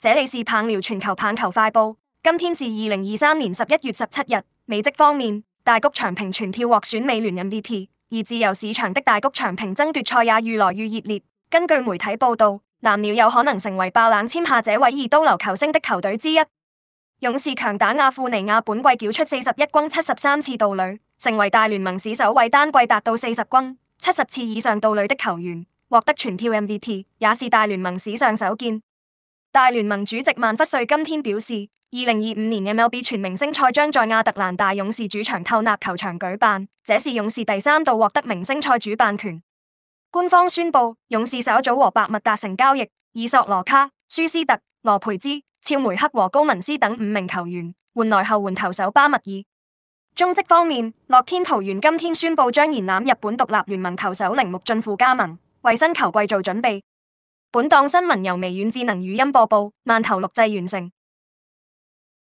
這裡是棒聊全球棒球快報，今天是二零二三年十一月十七日。美職方面，大谷翔平全票獲選美聯 MVP，而自由市場的大谷翔平爭奪賽也愈來愈熱烈。根據媒體報道，藍鳥有可能成為爆冷簽下這位二刀流球星的球隊之一。勇士強打阿庫尼亞，本季繳出四十一轟七十三次盜壘，成為大聯盟史首位單季達到四十轟七十次以上盜壘的球員，獲得全票 MVP，也是大聯盟史上首見。大聯盟主席萬弗瑞今天表示，二零二五年的 MLB 全明星賽將在亞特蘭大勇士主場透納球場舉辦，這是勇士第三度獲得明星賽主辦權。官方宣布，勇士首組和白襪達成交易，以索羅卡、舒斯特、羅培茲、超梅克和高文斯等五名球員換來後援球手巴密爾。中職方面，樂天桃園今天宣布將延攬日本獨立聯盟球手鈴木俊富加盟，為新球季做準備。本檔新聞由微軟智能語音播報，慢投錄製完成。